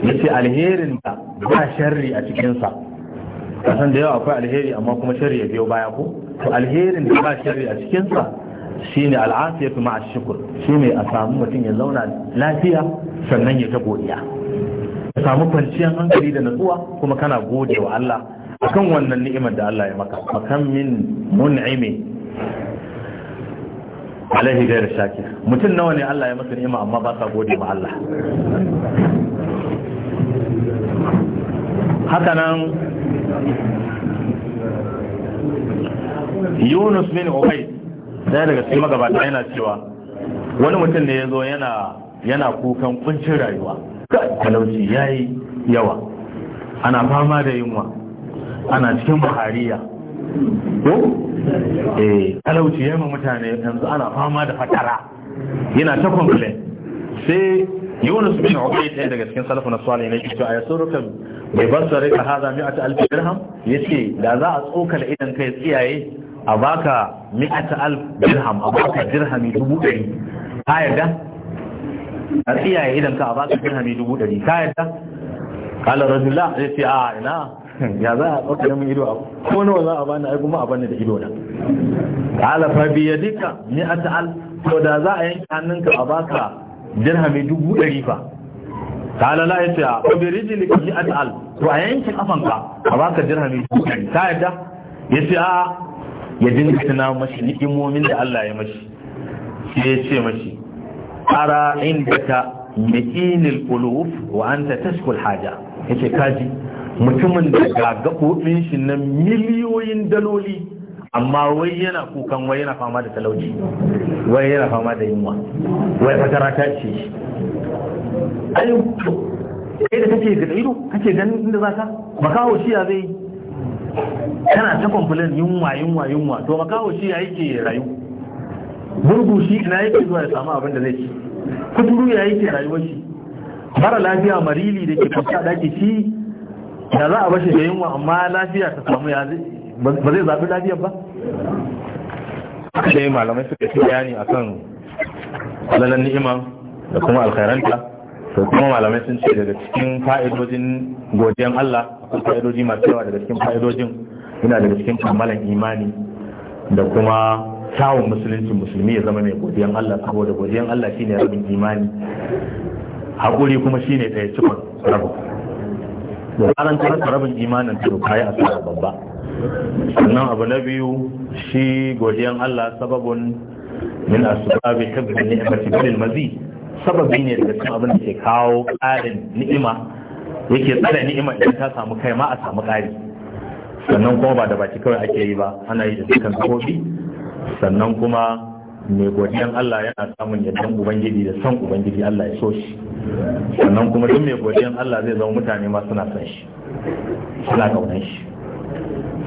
yace alherin da ba sharri a cikin sa kasan da yawa akwai alheri amma kuma sharri ya biyo baya ko to alherin da ba sharri a cikin sa shine al-afiyatu ma'a shukr shine a samu mutum ya zauna lafiya sannan ya ta godiya ka samu kwanciyar hankali da natsuwa kuma kana gode wa Allah akan wannan ni'imar da Allah ya maka makan min mun'imi alaihi gairar shakir mutum nawa ne Allah ya masa ni'ima amma ba sa gode ma Allah haka nan yunus bin ubai daya daga cikin magabata yana cewa wani mutum ne ya zo yana kukan kuncin rayuwa talauci ya yi yawa ana fama da yunwa ana cikin buhariya ko? eh talauci ya yi ma mutane yanzu ana fama da fatara yana ta kwamfilin sai yunus bin ubayd ɗaya daga cikin salafu na salih ne cewa ya suruka bai basare ka ta mi'ata alf Ya ce da za a da idan kai tsiyaye a baka ta alf dirham a baka dirhami dubu ɗari ka yarda a tsiyaye idan ka a baka dirhami dubu ɗari ka yadda kala rasulullah ya ce a ina ya za a ɗauka min ido a ko nawa za a bani ai kuma a bani da ido na kala fabi ya dika ni a ta'al to da za a yanke hannunka a baka dirhami dubu ɗari fa kala la ya ce a ko bi rijili ka ni a ta'al to a yanke kafanka a baka dirhami dubu ɗari ta yadda ya ce a ya dinga na mashi ni'imomin da Allah ya mashi sai ya ce mashi ara indaka makinil qulub wa anta tashkul haja yace kaji mutumin da ga gabobin shi na miliyoyin daloli amma wai yana kukan wai yana fama da talauci wai yana fama da yunwa wai fatara ta ce shi ayyuka kai da kake da ido kake ganin inda ka? makaho shi ya zai kana ta complain yunwa yunwa yunwa to makaho shi ya yake rayu gurgu shi ina yake zuwa ya samu abin da zai ci kuturu ya yi yake rayuwar shi mara lafiya marili da ke kusa daki shi da za a bashi da yunwa amma lafiya ta samu ya ba zai zaɓi lafiyar ba sai malamai suka ci bayani akan lalan ni'imar da kuma alkhairanta to kuma malamai sun ce daga cikin fa'idojin godiyan Allah akwai fa'idoji masu yawa daga cikin fa'idojin yana daga cikin kammalan imani da kuma kyawun musulunci musulmi ya zama mai godiyan Allah saboda godiyan Allah shine rabin imani hakuri kuma shine ɗaya cikon rabu, da tsarin karanta rabin imanin ta kayi asara babba sannan abu na biyu shi godiyan Allah sababun min asbabi hibbi ni'mati bil mazi sababi ne daga cikin abin da ke kawo ƙarin ni'ima yake tsare ni'ima idan ta samu kai ma a samu ƙari sannan kuma ba da baki kawai ake yi ba ana yi da dukkan sabobi sannan kuma mai godiyan Allah yana samun yardan ubangiji da son ubangiji Allah ya so shi sannan kuma duk mai godiyan Allah zai zama mutane ma suna son shi suna kaunan shi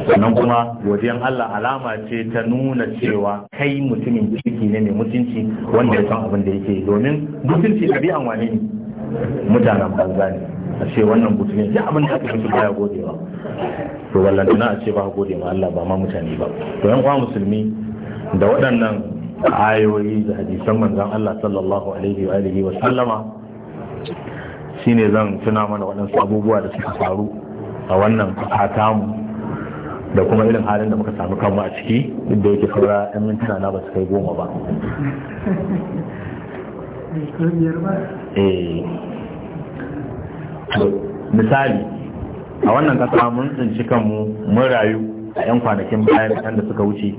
sannan kuma godiyan Allah alama ce ta nuna cewa kai mutumin kirki ne mai mutunci wanda ya san abin da yake domin mutunci ɗabi'an wane ne mutanen banza ne a ce wannan mutumin ya abin da aka fi baya godewa to wallantana a ce ba gode ma Allah ba ma mutane ba to yan kwa musulmi da waɗannan ayoyi da hadisan manzan Allah sallallahu alaihi wa alihi wa sallama shine zan tuna mana waɗansu abubuwa da suka faru a wannan ƙasa da kuma irin halin da muka samu kanmu a ciki duk da yake saura 'yan mintuna na ba su kai goma ba eh. misali a wannan kasa mun tsinci kanmu mun rayu a 'yan kwanakin bayan da suka wuce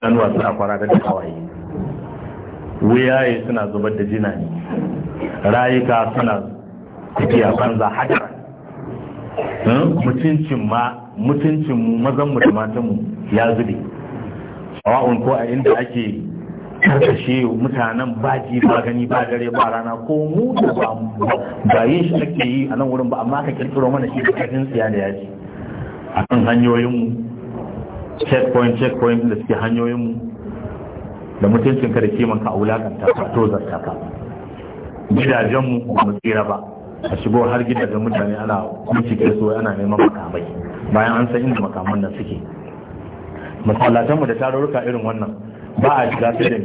sanuwa suna kwararar da hawaye wuyaye suna zubar da jina ne. rayuka suna tafiya banza hajjar hmm? mutuncin ma mutuncin mazan mu da matanmu ya zube sawa'un ko a inda ake karkashe mutanen baji ba gani ba dare ba rana ko mu da ba yin shi ake yi a nan wurin ba amma ka kirkiro mana shi da kafin siya da yaji a kan hanyoyinmu checkpoint checkpoint da suke hanyoyinmu da mutuncin mutuncinka da ka a ta ka zarta ka gidajenmu ba mu tsira ba a shigo har gidajen mutane ana bincike su ana neman makamai bayan an san inda makaman nan suke mu da tarurruka irin wannan ba a shiga su da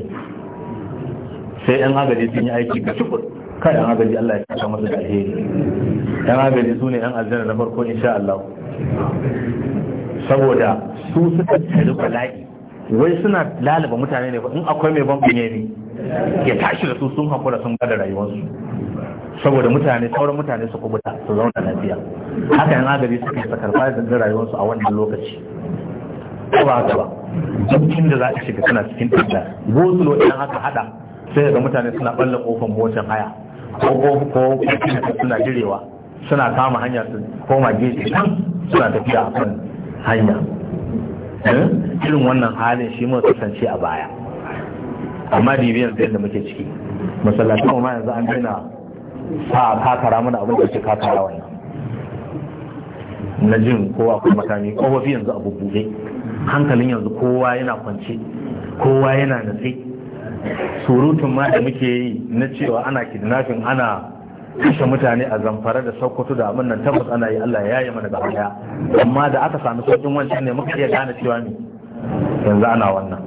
sai yan agaji sun yi aiki ga shukur kai yan agaji Allah ya kasa masa da alheri yan agaji su ne yan aljanna na farko insha Allah saboda su suka tsari bala'i wai suna lalaba mutane ne in akwai mai bambam ne ya tashi da su sun hakura sun gada rayuwarsu saboda mutane sauran mutane su kubuta su zauna lafiya haka yan agari suka sa karfa da rayuwarsu a wannan lokaci Su ba haka ba dukkan da za a shiga suna cikin tsada gosulo idan aka hada sai ga mutane suna balla kofar motar haya ko ko suna jirewa suna kama hanya su koma gefe suna tafiya a kan hanya Eh? irin wannan halin shi mun kasance a baya amma bibiyan da muke ciki masallacin ma yanzu an daina sa kakara mana abin da ke kakara wannan na jin kowa kuma makami kofofi yanzu abu bubbuɗe hankalin yanzu kowa yana kwance kowa yana natsi surutun ma da muke yi na cewa ana kidnapping ana kashe mutane a zamfara da sokoto da abin nan tabbas ana yi Allah ya yi mana da daya amma da aka sami saukin wancan ne muka iya gane cewa ne yanzu ana wannan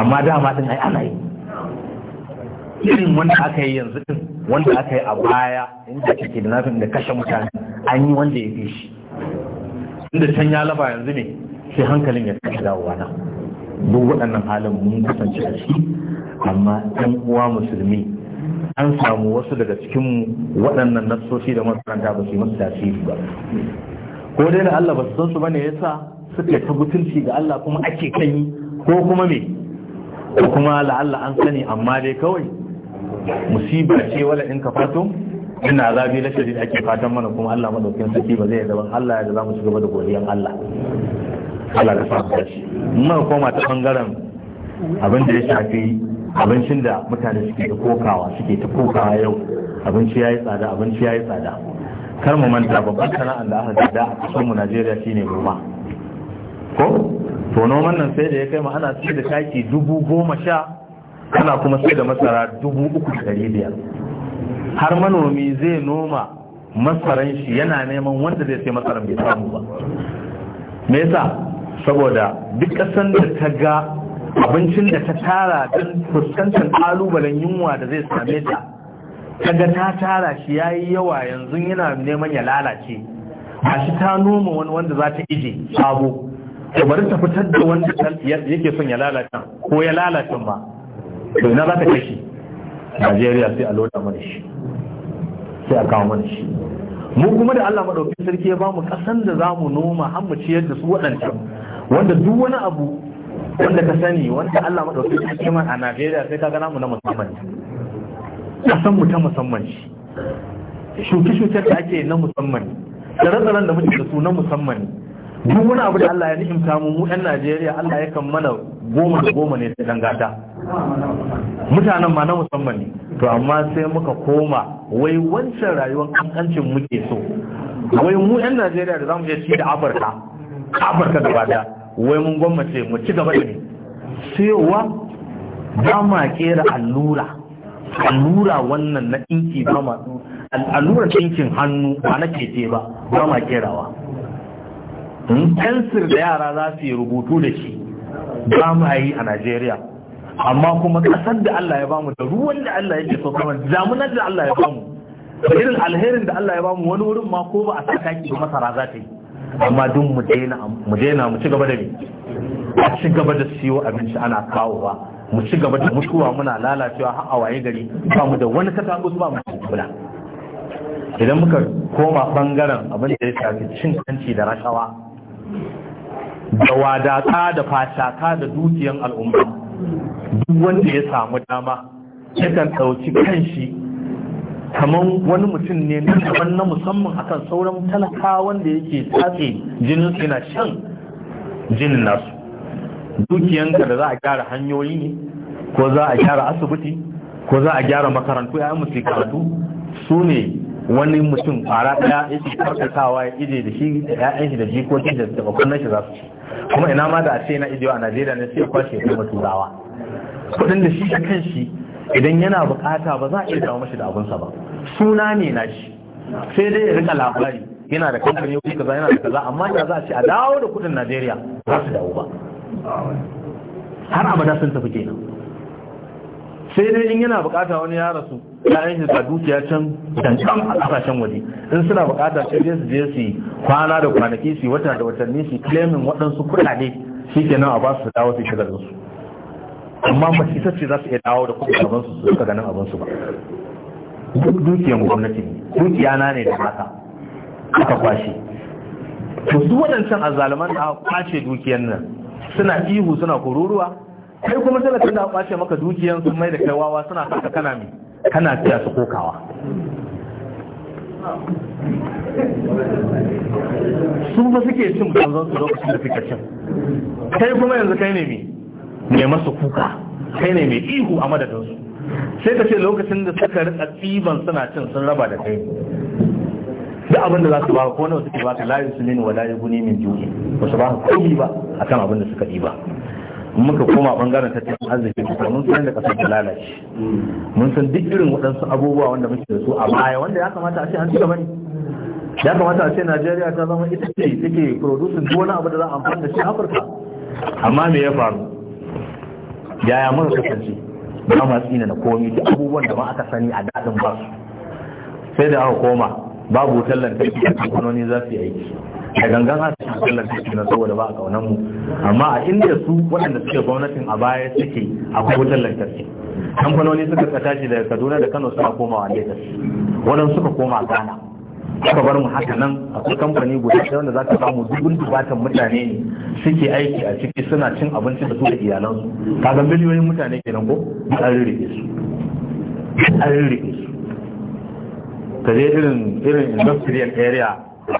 amma dama din ai ana yi irin wanda aka yi yanzu din wanda aka yi a baya inda da nafin da kashe mutane an yi wanda ya fi shi inda can ya laba yanzu ne sai hankalin ya kashe dawowa na duk waɗannan halin mun kasance da shi. amma ɗan uwa musulmi an samu wasu daga cikin waɗannan nassoshi da makaranta ba su yi masu tasiri ba ko dai na Allah ba su san su bane yasa suka ta butulci ga Allah kuma ake kan yi ko kuma me ko kuma la'alla an sani amma dai kawai musiba ce wala in ka fato ina zabi na shari ake fatan mana kuma Allah madaukin saki ba zai gaban Allah da zamu shiga da godiyan Allah Allah ka fara shi mun koma ta bangaren abin da ya shafi abincin da mutane suke ta kokawa suke ta kokawa yau abinci ya yi tsada abinci ya yi tsada kar mu manta babban sana'ar da aka gada a kasar mu najeriya shine noma ko to noman nan sai da ya kai mu ana sai da taki dubu goma sha ana kuma sai da masara dubu uku da ɗari biyar har manomi zai noma masaran shi yana neman wanda zai sai masaran bai samu ba me yasa saboda duk kasan da ta ga abincin da ta tara don fuskantar ƙalubalen yunwa da zai same ta kaga ta tara shi ya yi yawa yanzu yana neman ya lalace a shi ta noma wani wanda za ta ije sabo ta bari ta fitar da wanda yake son ya lalata ko ya lalace ba to ina za ta kai shi najeriya sai a loda mana shi sai a kawo mana shi mu kuma da allah madaukakin sarki ya bamu kasan da zamu noma har mu ciyar da su waɗancan wanda duk wani abu wanda ka sani wanda Allah maɗauki ta kima a Najeriya sai ka gana mu na musamman ka san mu ta musamman shi shuke-shuke da ake na musamman tsare-tsaren da muke da su na musamman duk wani abu da Allah ya ni'imta mu mu 'yan Najeriya Allah ya kan mana goma da goma ne sai dangata. mutanen ma na musamman ne to amma sai muka koma wai wancan rayuwar kankancin muke so wai mu 'yan Najeriya da zamu je ci da Afirka Afirka gaba daya wai mun gwammace mu ci gaba da ne cewa ba ma kera allura allura wannan na inki ba ma allura ɗinkin hannu ba na keke ba ba ma kerawa hmm? fensir da yara za su yi rubutu da shi ba mu yi a Najeriya amma kuma kasar da Allah ya bamu da ruwan da Allah yake so kamar zamunan da Allah ya bamu irin alherin da Allah ya bamu wani wurin ma ko ba a saka ki masara za ta yi amma duk mu daina mu ci gaba da a ci gaba da siyo abinci ana kawowa mu ci gaba da mutuwa muna lalacewa har a waye gari ba mu da wani katako ba mu ci kula idan muka koma bangaren abin da ya shafi cin hanci da rashawa da wadata da fataka da dukiyan al'umma duk wanda ya samu dama yakan ɗauki kanshi kamar wani mutum ne na na musamman akan sauran talaka wanda yake tatse jinin yana shan jinin nasu dukiyanka da za a gyara hanyoyi ne ko za a gyara asibiti ko za a gyara makarantu ya musu karatu su ne wani mutum fara daya ce karkatawa ya ije da shi da ya'yan shi da jikoki da bakon shi za su ci kuma ina ma da a ce na ijewa a najeriya na sai kwashe ya kuma turawa kudin da shi da kan shi idan yana bukata ba za a iya dawo shi da abunsa ba suna ne na shi sai dai ya rika labari yana da kamfani wuri kaza yana da kaza amma ya za a ce a dawo da kudin najeriya za su dawo ba har abada sun tafi kenan sai dai in yana bukata wani ya rasu ya yi shi dukiya can cancan a kasashen waje in suna bukata sai dai su je su kwana da kwanaki su wata da watanni su claimin waɗansu kuɗaɗe shi kenan a ba su dawo su shigar da su amma ba shi sace za su iya dawo da kuɗaɗen abansu su suka ganin abinsu ba duk dukiyar gwamnati ne dukiya na ne da mata aka kwashe to su waɗancan azzaluman da kwashe dukiyar nan suna ihu suna kururuwa kai kuma talatin da kwashe maka dukiyar sun mai da kai wawa suna saka kana mi kana fiya su kokawa sun fa suke cin banzan su lokacin da suke cin kai kuma yanzu kai ne mi mai masu kuka kai ne mai ihu a madadinsu sai ka ce lokacin da suka rika tsiban suna cin sun raba da kai Da abin da za su baka ko nawa suke layu su ne wa layu yughni min ju'i ba su ka komai ba kan abin da suka ba muka koma bangaren tattalin arziki kuma mun san da kasar ta lalace mun san duk irin waɗansu abubuwa wanda muke da su a baya wanda ya kamata a ce an ci gaba ne ya kamata a ce Najeriya ta zama ita ce take producing duk wani abu da za a amfani da shi Afirka amma me ya faru yaya muka kasance ba ma tsina na komi duk abubuwan da ma aka sani a daɗin ba sai da aka koma babu wutar lantarki a kamfanoni za su yi aiki da gangan a cikin wutar lantarki na saboda ba a ƙaunar mu amma a inda su waɗanda suke gwamnatin a baya suke akwai wutar lantarki kamfanoni suka tashi daga kaduna da kano suka koma wa lagos waɗansu suka koma ghana aka bar mu haka nan akwai kamfani guda ɗaya wanda za ka samu dubun dubatan mutane ne suke aiki a ciki suna cin abinci da su da iyalansu kaga miliyoyin mutane kenan ko duk an rike su an rike su ka je irin irin industrial area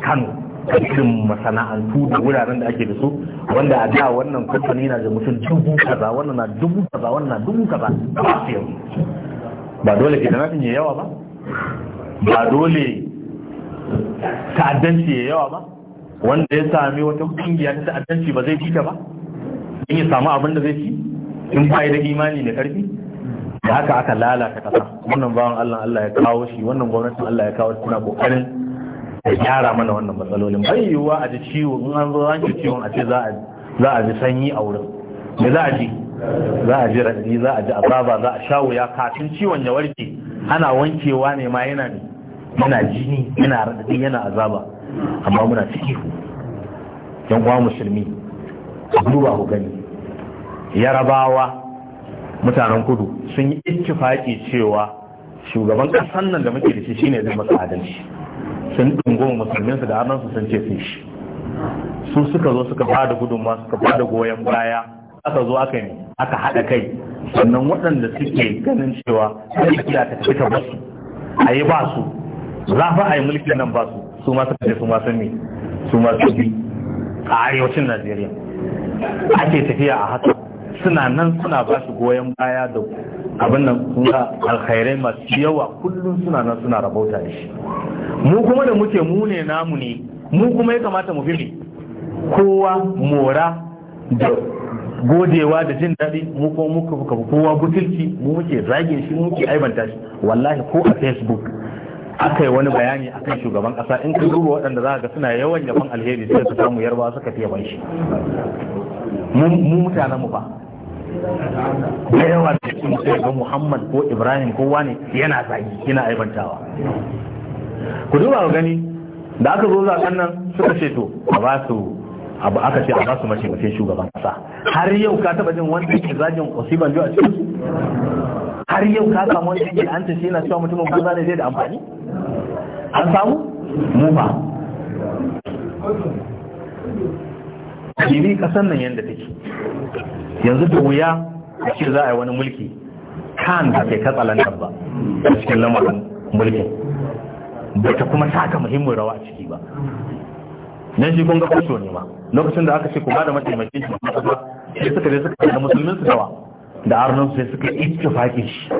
Kano ka irin masana'antu da wuraren da ake da su wanda a da wannan kamfani na da mutum dubu kaza wannan na dubu kaza wannan na dubu kaza ba ba dole ke da nafin yawa ba ba dole ta'addanci ya yawa ba wanda ya sami wata kungiya ta ta'addanci ba zai fita ba in ya samu abin da zai ci in ba da imani ne karfi da haka aka lalata kasa wannan bawan Allah Allah ya kawo shi wannan gwamnatin Allah ya kawo shi suna kokarin ya gyara mana wannan matsalolin bai yiwuwa a ji ciwo in an zo an ci ciwon a ce za a ji sanyi a wurin me za a ji za a ji raɗi za a ji azaba za a sha wuya kafin ciwon ya warke ana wankewa ne ma yana ne yana jini yana radadi yana azaba amma muna ciki yan uwa musulmi duba ku gani yarabawa mutanen kudu sun yi ittifaki cewa shugaban ƙasar nan da muke da shi shine zai masa adalci sun dingo musulmin su da arnan su sun ce sun shi su suka zo suka bada gudunma suka bada goyon baya aka zo aka ne aka haɗa kai sannan waɗanda suke ganin cewa sai ta tafi ta basu a yi ba su za ba a yi mulki nan ba su su masu suka su masu ne su masu bi a arewacin najeriya ake tafiya a haka suna nan suna ba su goyon baya da abin nan suna alkhairai masu yawa kullum suna nan suna rabauta da shi mu kuma da muke mu ne namu ne mu kuma ya kamata mu fili kowa mora da godewa da jin daɗi mu kuma muka kowa butulci mu muke zage shi mu muke aibanta shi wallahi ko a facebook aka yi wani bayani a kan shugaban ƙasa in ka duba waɗanda za ga suna yawan yaban alheri sai su samu yarba suka fi yaban shi mu mutanen mu ba da yawa da cikin sai ga muhammad ko ibrahim ko wani yana zagi yana aibantawa ku duba gani da aka zo zaɓen nan suka ce to a ba su abu aka ce a ba su mace shugaban kasa har yau ka taba jin wanda yake zagin osiban jo a cikin har yau ka samu wanda yake an tashi yana cewa mutumin banza ne zai da amfani an samu mu ba kiri kasan nan yadda take yanzu da wuya a ce za a yi wani mulki kan da kai katsalantar ba a cikin lamarin mulkin bai ta kuma taka muhimmin rawa a ciki ba nan shi kun ga kusho ne ma lokacin da aka ce kuma da mataimakin shi sai suka je suka da musulmin su dawa da arnon sai suka ittifaqin shi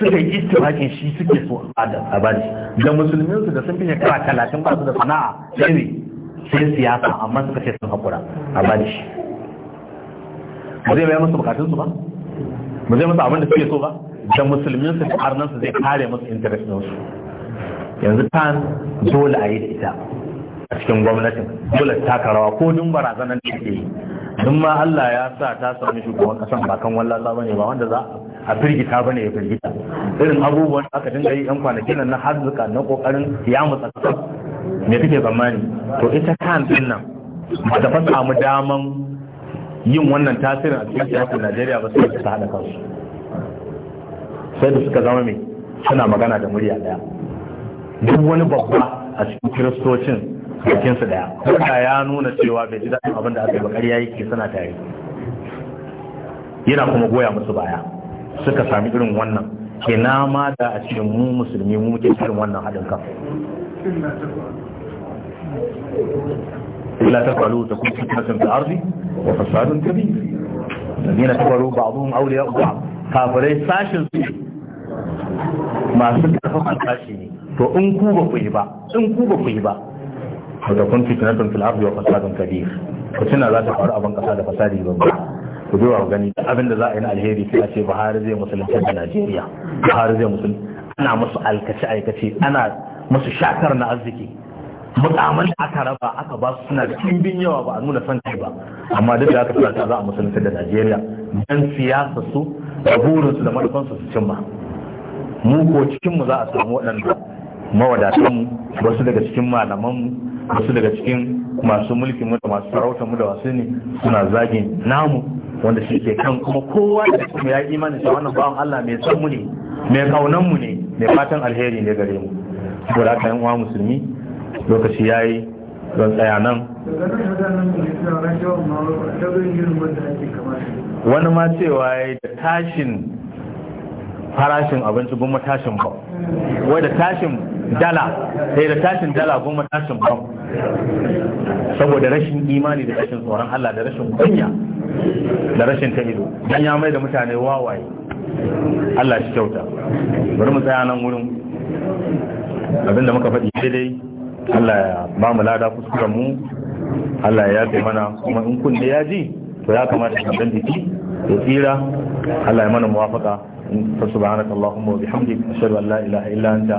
suka yi ittifaqin shi suke so a bari da musulmin su da sun fi kara talatin ba su da sana'a sai ne sai siyasa amma suka ce sun haƙura a bari shi ba zai bayar musu bukatunsu ba ba zai musu abin da suke so ba da musulmin su da arnon su zai kare musu interest su yanzu kan dole a yi ita a cikin gwamnatin dole taka rawa ko dun barazanar da ke yi dun ma Allah ya sa ta sami shugaban kasan ba kan wallasa bane ba wanda za a firgita bane ya firgita irin abubuwan da aka dinga yi yan kwanakin nan na hazuka na kokarin ya mu kasan me kike zamani to ita kan din nan ba ta mu daman yin wannan tasirin a cikin siyasar Najeriya ba sai ta hada kansu sai da suka zama me suna magana da murya daya duk wani babba a cikin kiristocin jikinsu daya wanda ya nuna cewa bai ji daɗin abin da aka yi ba ƙarya yake suna tare yana kuma goya musu baya suka sami irin wannan na ma da a cikin mu musulmi mu muke cikin wannan haɗin kan illa kuma cikin fitnatun da ardi wa fasadun ta faru ba abun auliya ba kafirai sashin su masu karfafa sashi ne to in ku ba ku yi ba in ku ba ku yi ba ko da kun don fil ardi wa fasadun kabir tana za ta faru abin kasa da fasadi ba. ku je wa gani abin da za a yi na alheri sai a ce Buhari zai musulunci da Najeriya Buhari zai musulunci ana musu alkace aikace ana musu shakar na arziki mukaman da aka raba aka ba su suna cikin kimbin yawa ba a nuna son kai ba amma duk da aka tsara za a musulunci da Najeriya dan siyasa su da burinsu da manufansu su cimma mu ko cikin mu za a samu waɗanda mawadatan wasu daga cikin malaman wasu daga cikin masu mulkin mu da masu sarauta mu da wasu ne suna zagin namu wanda shi ke kan kuma kowa da kuma ya imani da wannan bawan Allah mai san mu ne mai kaunan mu ne mai fatan alheri ne gare mu saboda haka yan uwa musulmi lokaci yayi don tsaya nan wani ma cewa ya da tashin farashin abinci goma tashin ba wai da tashin dala sai eh, da tashin dala goma tashin bam saboda rashin imani da rashin tsoron Allah da rashin kunya da rashin ta ido dan ya mai da mutane wawaye Allah shi kyauta bari mu tsaya nan wurin abinda muka faɗi dai Allah ya ba mu lada kuskuren mu Allah ya yafe mana kuma in kunne ya ji to ya kamata ka san jiki ya tsira Allah ya mana muwafaka allahumma wa bihamdika ashhadu an la ilaha illa anta